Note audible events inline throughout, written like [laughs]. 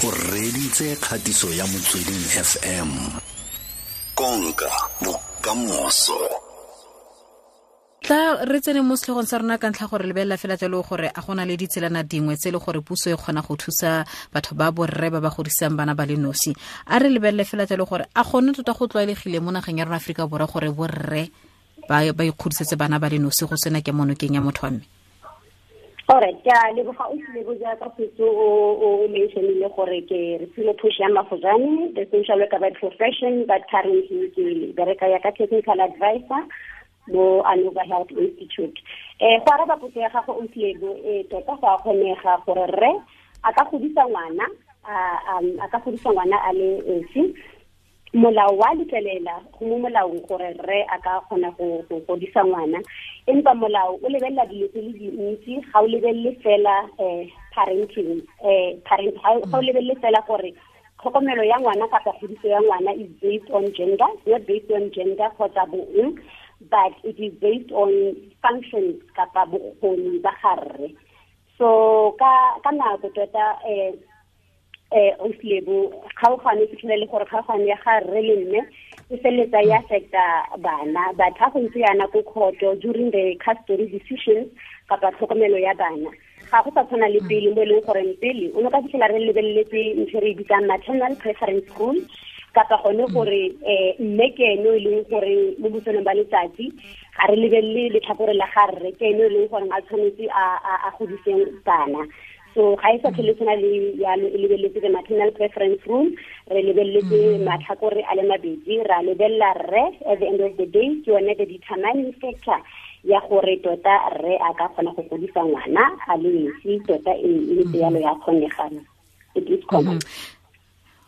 o reditse kgatiso ya motsweding fm konka bokamoso tla re tsene mo setlhogong sa rona ka ntlha gore lebelela fela jalo gore a gona le ditselana dingwe tse e le gore puso e kgona go thusa batho ba borre ba ba godisang bana ba le nosi a re lebelele fela jalo gore a gone tota go tlwaelegile mo nageng ya rona aforika borwa gore borre ba ikgodisetse bana ba le nosi go tsena ke monokeng ya motho wa mme Alright, ke le go fa o tlile go ja ka fetso o o mentionile gore ke re tsile push ya mafojane the social worker by profession but currently ke bereka ya ka technical advisor mo Anova Health Institute. Eh go araba potse ya gago o tlile e tota go a kgonega gore re a ka godisa ngwana a a ka godisa ngwana a le 18 molao wa letlelela go mo molaong gore rre a ka kgona go godisa ngwana empa molao o lebelela dilo tse le dintsi ga o lebelele fela um parenting um parent ga o lebelele fela gore tlhokomelo ya ngwana kapa godiso ya ngwana is based on gender not based on gender kgotsa bong but it is based on functions kapa bokgoni ba garre so ka nako tota um eh oslebo kgaogane fitlhele le gore kgaogane ya ga re le nne e feletsa ya e affecta bana ba ga go ntse yana ko khoto during the custody decisions kapa tlhokomelo ya bana ga go sa tshwana le pele mo e leng gore pele o no ka fitlhela re lebeleletse ntse re e bitsang maternal preference school kapa gone gore um mme ke eno e leng gore mo botshelong ba letsatsi ga re lebelele letlhakore la ga rre ke eno e leng gore a tshwanetse a godiseng bana so ga e sa tlhele tshwana le yalo e lebeletse the maternal preference room re lebeletse mm. matlhakore a le mabedi ra lebelela rre at the end of the day ke yone the determining factor ya gore tota rre a ka kgona go godisa ngwana a le esi tota e, e le mm-hmm. yalo ya kgonegana it is common mm -hmm.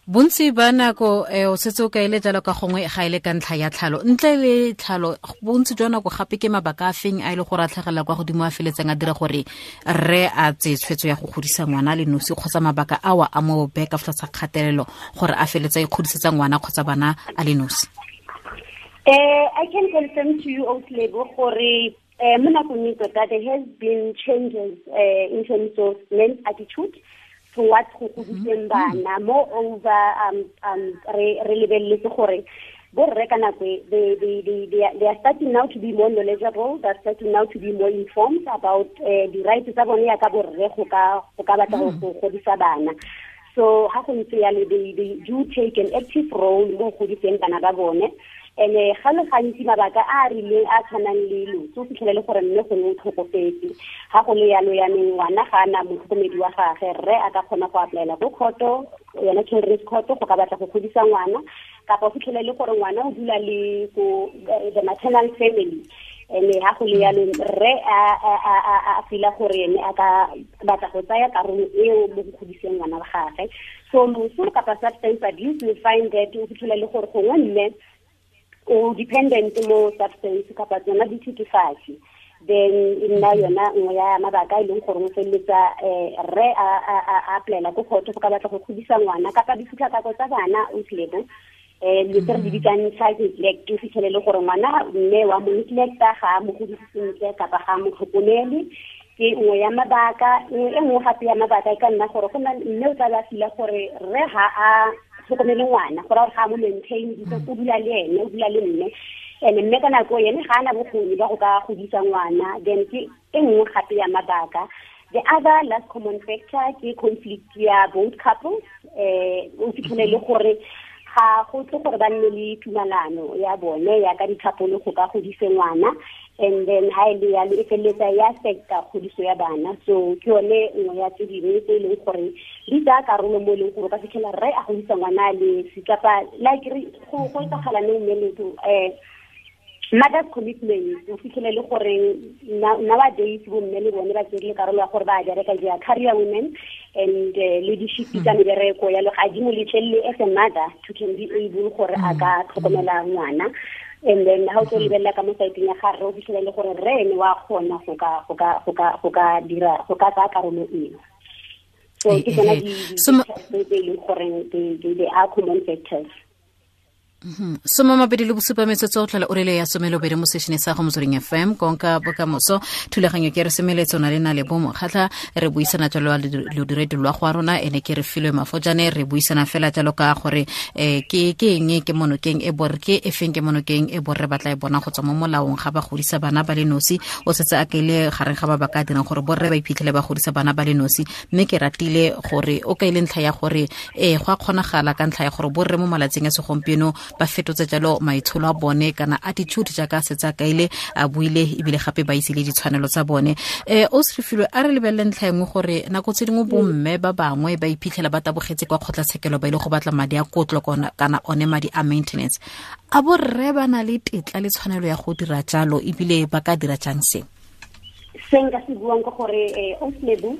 bontsi ba nako eh, o setse o kaele jalo ka gongwe ga ka ntlha ya tlhalo ntle le tlhalo bontsi jwa nako gape ke mabaka a feng gore a tlhagelela kwa godimo a a dira gore a tse tshwetso ya go godisa ngwana le nosi kgotsa mabaka a mo beka fa kgatelelo gore a e kgodisetsa ngwana kgotsa bana a le nosi eh, I can confirm to you, Outlebo, gore eh, mo nakong e tota there has been changes uh, in terms of men attitude towards go godiseng mhm. bana mo over um, um, re, re lebeletse gore borre ka nako e, they, they, they, they, are, they are starting now to be more knowledgeable they are starting now to be more informed about uh, eh, di-rights tsa bone yaka borre go ka go ka batla mhm. go godisa bana so ha go ntse yalo they do take an active role mo godiseng bana ba bone ene ga le gantsi mabaka a a rileng a tshwanang le lotso o fitlhelele gore mme go ne o tlhokofetse ga go le yalo yaneng ngwana ga a na motlhokomedi wa gage rre a ka kgona go apply-ela go khoto yona children's court go ka batla go godisa ngwana kapa o fitlhelele gore ngwana o dula le ko eh, the maternal family ande ga go le yalo re a fila gore ene a ka batla go tsaya karolo eo mo go godiseng ngwana wa gage so moso kapa substance abuse we find that o fitlhela le gore gongwe mme o dependent mo substance kapa tsona dithethefatsi then e nna yona nngwe ya mabaka e leng gore o feleletsa rre eh, a apply-ela ko kgotho go ka batla go godisa ngwana kapa difutlhakako tsa bana o tlebo um eh, le tse re di bitsang child neglect o fitlhelele gore ngwana mme wa mo neglecta ga a mo godise sentle kapa ga a mo tlhokomele ke nngwe ya mabaka e nngwe gape ya mabaka e ka nna gore go na mme o tla ba fila gore rre ga a tlhokomele ngwana gore gore ga mo maintain ditse o dula le ene o dula le mme and mme ka nako ene ga ana bokgoni ba go ka godisa ngwana then ke e nngwe gape ya mabaka the other last common factor ke conflict ya both couples eh o fitlhele le gore ga go tle gore ba nne le tumelano ya bone ya ka dithapole go ka godise ngwana and then ha e le yalo e feleletsa ya secta kgodiso ya bana so ke yone nngwe ya tse dingwe tse e leng gore di tsaya karolo mo e leng gore ka fitlhela rre a godisa ngwana lesi kapa like go etsagala ne mmeletso um eh, mother's commitment o fitlhele le gore nowadays bomme le bone ba le karolo ya gore ba bereka ja career women and uh, eh, leadership tsa mm. mebereko yalo ga di mo letlelele as a mother to can be able gore a ka mm. tlhokomela ngwana and then ha o tlo mm-hmm. lebelela ka mo saeteng ya gare o fitlhele le gore re ene wa kgona go ka go ka go ka go ka dira go ka tsaya karolo eno so ke eh, tsona eh, di tse e leng gore they are common factors Mm-hmm. some mabedi le bosupa metsotso go tlhola o rile ya somelobedi mo sešhone sa go motsweding fm konka bokamoso thulaganyo ke re semeletse na le na le bo bomokgatlha re buisana jalo lodiredi lwa go a rona ene ke re filwe mafojane re buisana fela jalo ka gore um ke eng e ke monokeng e borre ke efeng ke monokeng e borre batla e bona go tswa mo molaong ga ba godisa bana ba le nosi o setse a kaile gareng ga ba ba ka dirang gore borre ba iphitlhele ba godisa bana ba le nosi mme ke ratile gore o kaile ntlha ya gore e go a kgonagala ka ntlha ya gore borre mo malatsing a segompieno ba fetotse jalo maitsholo a bone kana attitude jaaka setse a kaile a buile ebile gape ba isile ditshwanelo tsa bone um o serefilwe a re lebelele ntlha engwe gore nako tse dingwe bomme ba bangwe ba iphitlhela ba tabogetse kwa kgotlatshekelo ba ile go batla madi a kotlo kana one madi a maintenance a borre ba na le tetla le tshwanelo ya go dira jalo ebile ba ka dira jang seng se nka se buang ke gore um eh, oslebu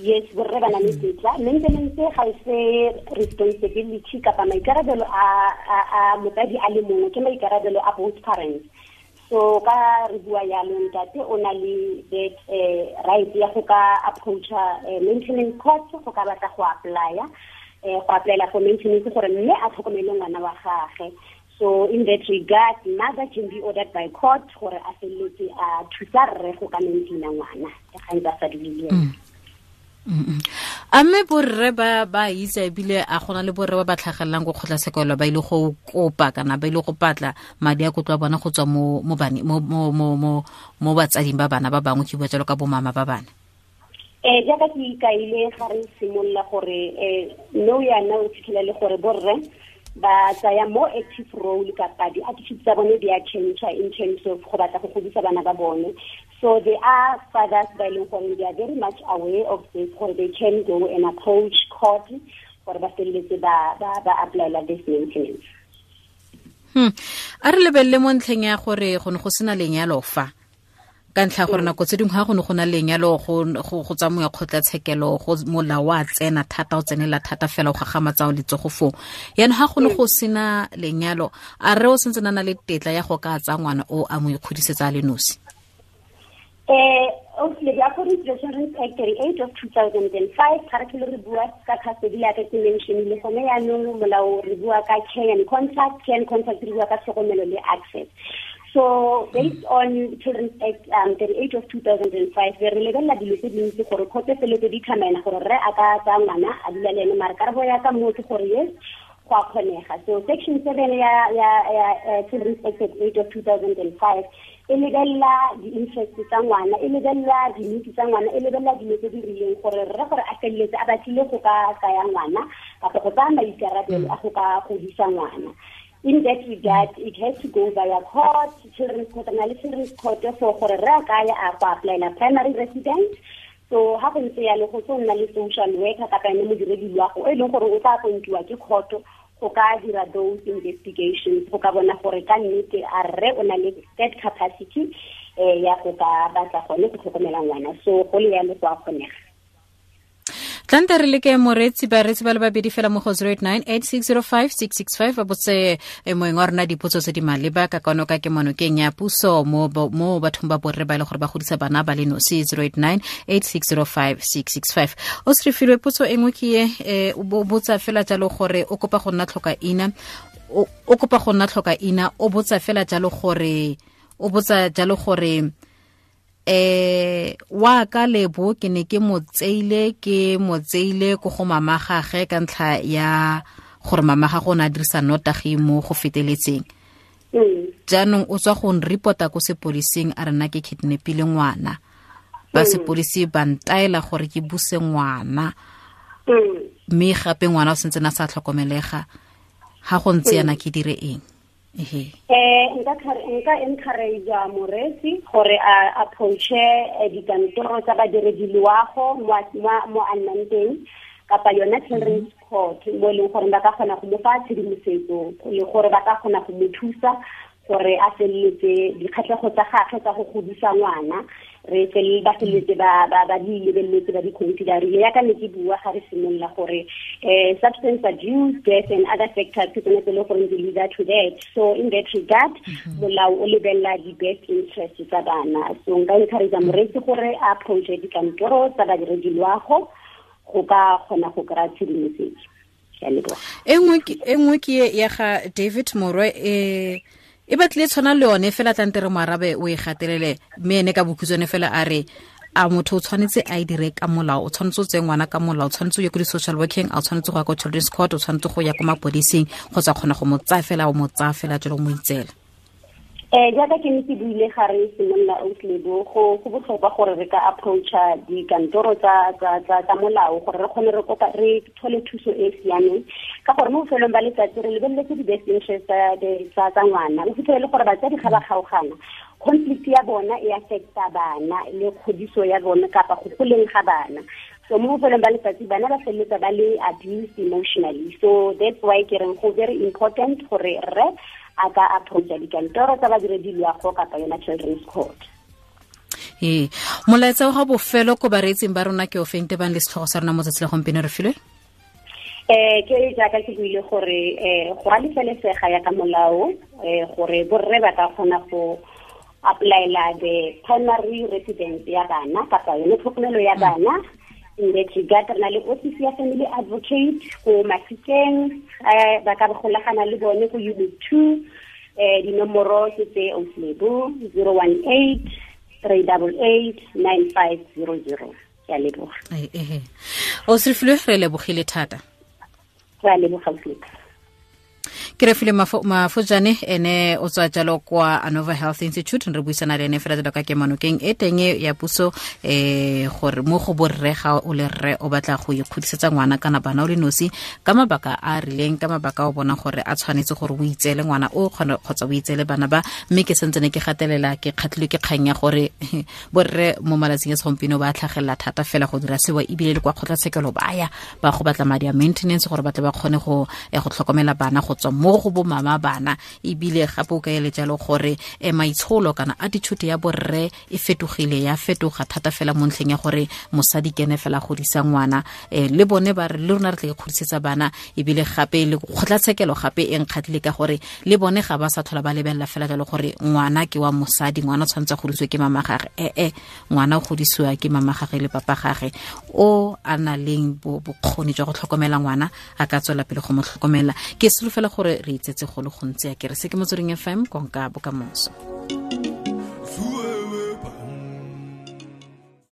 yes borre ba na le tetla maintenance ga e se responsibility kapa maikarabelo a motsadi a le mongwe ke maikarabelo a both parents so ka re bua yalo ntate o na le that eh, right ya go ka approacha eh, maintenance court go ka batla go apply eh, go applyela for maintenance gore mme a tlhokomele ngwana wa gage so in that regard mother can be ordered by court gore a feleletse a thusa rre go ka maintaina ngwana ka gantse a sa di a mme borre ba ba itse ebile a gona le borre ba ba tlhagelelang ko kgotlatshekelo ba ile go kopa kana ba ile go patla madi a kotlo a bona go tswa mo batsading ba bana ba bangwe ke bua jalo ka bomama ba bana um jaaka ke ikaile ga re simolola gore um nou yana o fitlhela le gore borre ba tsaya more active role kapa di-attitude tsa bone di a change in terms of go batla go godisa bana ba bone So there are fathers by local and they are very much aware of this or they can go and approach court for bafeleletse ba apply this maintenance. Hmm. a re lebelele mo ntlheng ya gore go ne go sena lenyalo fa ka ntlha ya gore nako tse dingwe ga go ne go na lenyalo go tsamong ya kgotlatshekelo go molao wa tsena thata o tsenela thata fela o gagamatsao letsogo foo yaanong ga go ne go sena lenyalo a re o sentse na na le tetla ya go ka tsa ngwana o a mo ikgodisetsa a le nosi Uh, eh, obviously, the Police Veterans eh, Act 38 of 2005, currently re bua ka custody ya ka ke mentionile gone yaanong molao re bua ka care and contact, care and contact re bua ka tlhokomelo le access. So, based on Children's Act um, 38 of 2005, re lebelela dilo tse dintsi gore kgotse feletse di tlhamaela gore re a ka tsa ngwana a dula le ene ya ka gore yes, go a kgonega. So, section 7 ya, ya, ya uh, Children's Act 38 of 2005 e lebelela di-interest tsa ngwana e lebelela diniti tsa ngwana e lebelela dilo tse di rileng gore rre gore a feleletse a batlile go ka tsaya ngwana kapa go tsaya maikarabelo a go ka godisa ngwana in that regard it has to go by a court children's court na le children's court for gore rre a kaya a go applyela primary resident so ha go ntse yalo go tse o nna le social worker kapa ene modiredi loago e leng gore o tla appointiwa ke kgoto go ka dira those investigations go ka bona gore ka nnete a rre o na le that capacity um ya go ka batla gone go tlhokomela ngwana so go le yalo go a kgonega tlante re leke moreetsi bareetsi ba le babedi fela mo go 0898605665 ba botse eh, moeng wa rona dipotso tse di maleba ka kano ka ke monokeng ya puso mo bathong ba borre ba e le gore ba godisa bana ba le nosi 0898605665 o se re filwe potso e nngwe ke ye eh, o botsa fela jalo gore o kopa go nna tlhoka ina o kopa go nna tlhoka ina o botsa fela jalo gore o botsa jalo gore eh wa ka lebo ke ne ke motseile ke motseile go go mama gagwe ka ntlha ya gore mama ga gona dirisa notagi mo go feteletseng mm. jaanong o tswa go nreporta ko sepodising a rena ke kidnapile ngwana ba mm. sepodisi ba ntaela gore ke buse ngwana mm. mme gape ngwana o sentse na sa tlhokomelega ga go ntse yana ke dire eng um nka encouragea moresi gore a approache eh, dikantoro tsa badiredi loago mo a nnang teng kapa yona children's court mo e leng gore ba ka kgona go mo fa tshedimosetso le gore ba ka kgona go mo thusa gore a feleletse dikgatlhego tsa gagwe tsa go godisa ngwana re ba feleletse ba di lebeleletse ba diconsiderile yaka ne ke bua ga re simolola gore um substance abuse death and other factors ke tsone tse e le gore ntse leader to that so in that regard mhm. molao o lebelela di-best interest tsa bana so nka encouragea moreetsi gore a approache dikantoro tsa badirediloago go ka kgona go kry-a tshedimosetso e, e nngwe ke ya ga david morwe um e batlile tshwana le yone fela tlante re moarabe o e gatelele mme ene ka bokhutswane fela a re a motho o tshwanetse a e dire ka molao o tshwanetse o tseye ngwana ka molao o tshwanetse o ye ko di-social working a o tshwanetse go ya ko children's court o tshwanetse go ya ko mapodising kgotsa kgona go mo tsaya fela o mo tsaya fela jalo o mo itsela eh jaaka ke ntse buile ga re simolola outlebo go go botlhokwa gore re ka approacha dikantoro tsa tsa tsa tsa molao gore re kgone re kopa re thole thuso e, e siameng ka gore mo bofelong ba letsatsi re lebeletse di-best interest tsa tsa ngwana o fitlhele le gore batsadi ga ba kgaogana conflict ya bona e affecta bana le kgodiso ya bona kapa go goleng ga bana so mo bofelong ba letsatsi bana ba feleletsa ba le abuse emotionally so that's why ke reng go very important gore rre a ka approacha dikantoro tsa badiredi loago kapa yona children's court ee molaetsa ga bofelo ko bareetseng ba rona ke ofente bang le setlhogo sa rona mo tsatsi la gompieno re filwe eh ke jaaka ke buile gore eh go a lefelesega ya ka molao eh gore borre ba ka kgona go apply applyela the primary residence ya bana kapa yone tlhokomelo ya bana regata na le office ya family advocate go mafikeng um eh, ba ka golagana le bone go unit two um dinomoro ke tse oslebo zero one eight three double eight nine five zero zero ke a leboga eh, o sefilwe re lebogile thata re a leboga oslepo ke re file mafojane ene o tswa jalo kwa anova health institute re buisana le ene fela jalo ka kemanokeng e teng ya puso e, um gore mo go borre ga o le rre o batla go ikgodisetsa ngwana kana bana o le nosi ka mabaka a a rileng ka mabaka o bona gore a tshwanetse gore o itsele ngwana o kgotsa o itsele bana ba mme ke ne ke gatelela ke kgatlhilwe ke kgang ya gore [laughs] borre mo malatsing a tshompieno ba tlhagelela thata fela go dira sewa ebile le kwa kgotlatshekelo baya ba go batla madi a maintenance gore batle ba kgone go tlhokomela bana go tswa mo mo go mama bana ebile gape o ka eletsa jalo gore um maitsholo kana attitude ya borre e fetogile ya fetoga thata fela mo ntlheng ya gore mosadi kene fela godisa ngwana um le bone ba re le rona re tla ikgodisetsa bana ebile gape le kgotlatshekelo gape e nkgatlile ka gore le bone ga ba sa tlhola ba lebelela fela jalo gore ngwana ke wa mosadi ngwana o tshwanetse godisiwe ke mama gage e-e ngwana o godisiwa ke mama gage le papa gage o a na leng bokgoni jwa go tlhokomela ngwana a ka tswela pele go mo tlhokomela ke solofela gore re itsetse go le gontsi ya kere se ke motsweding fm konka bokamoso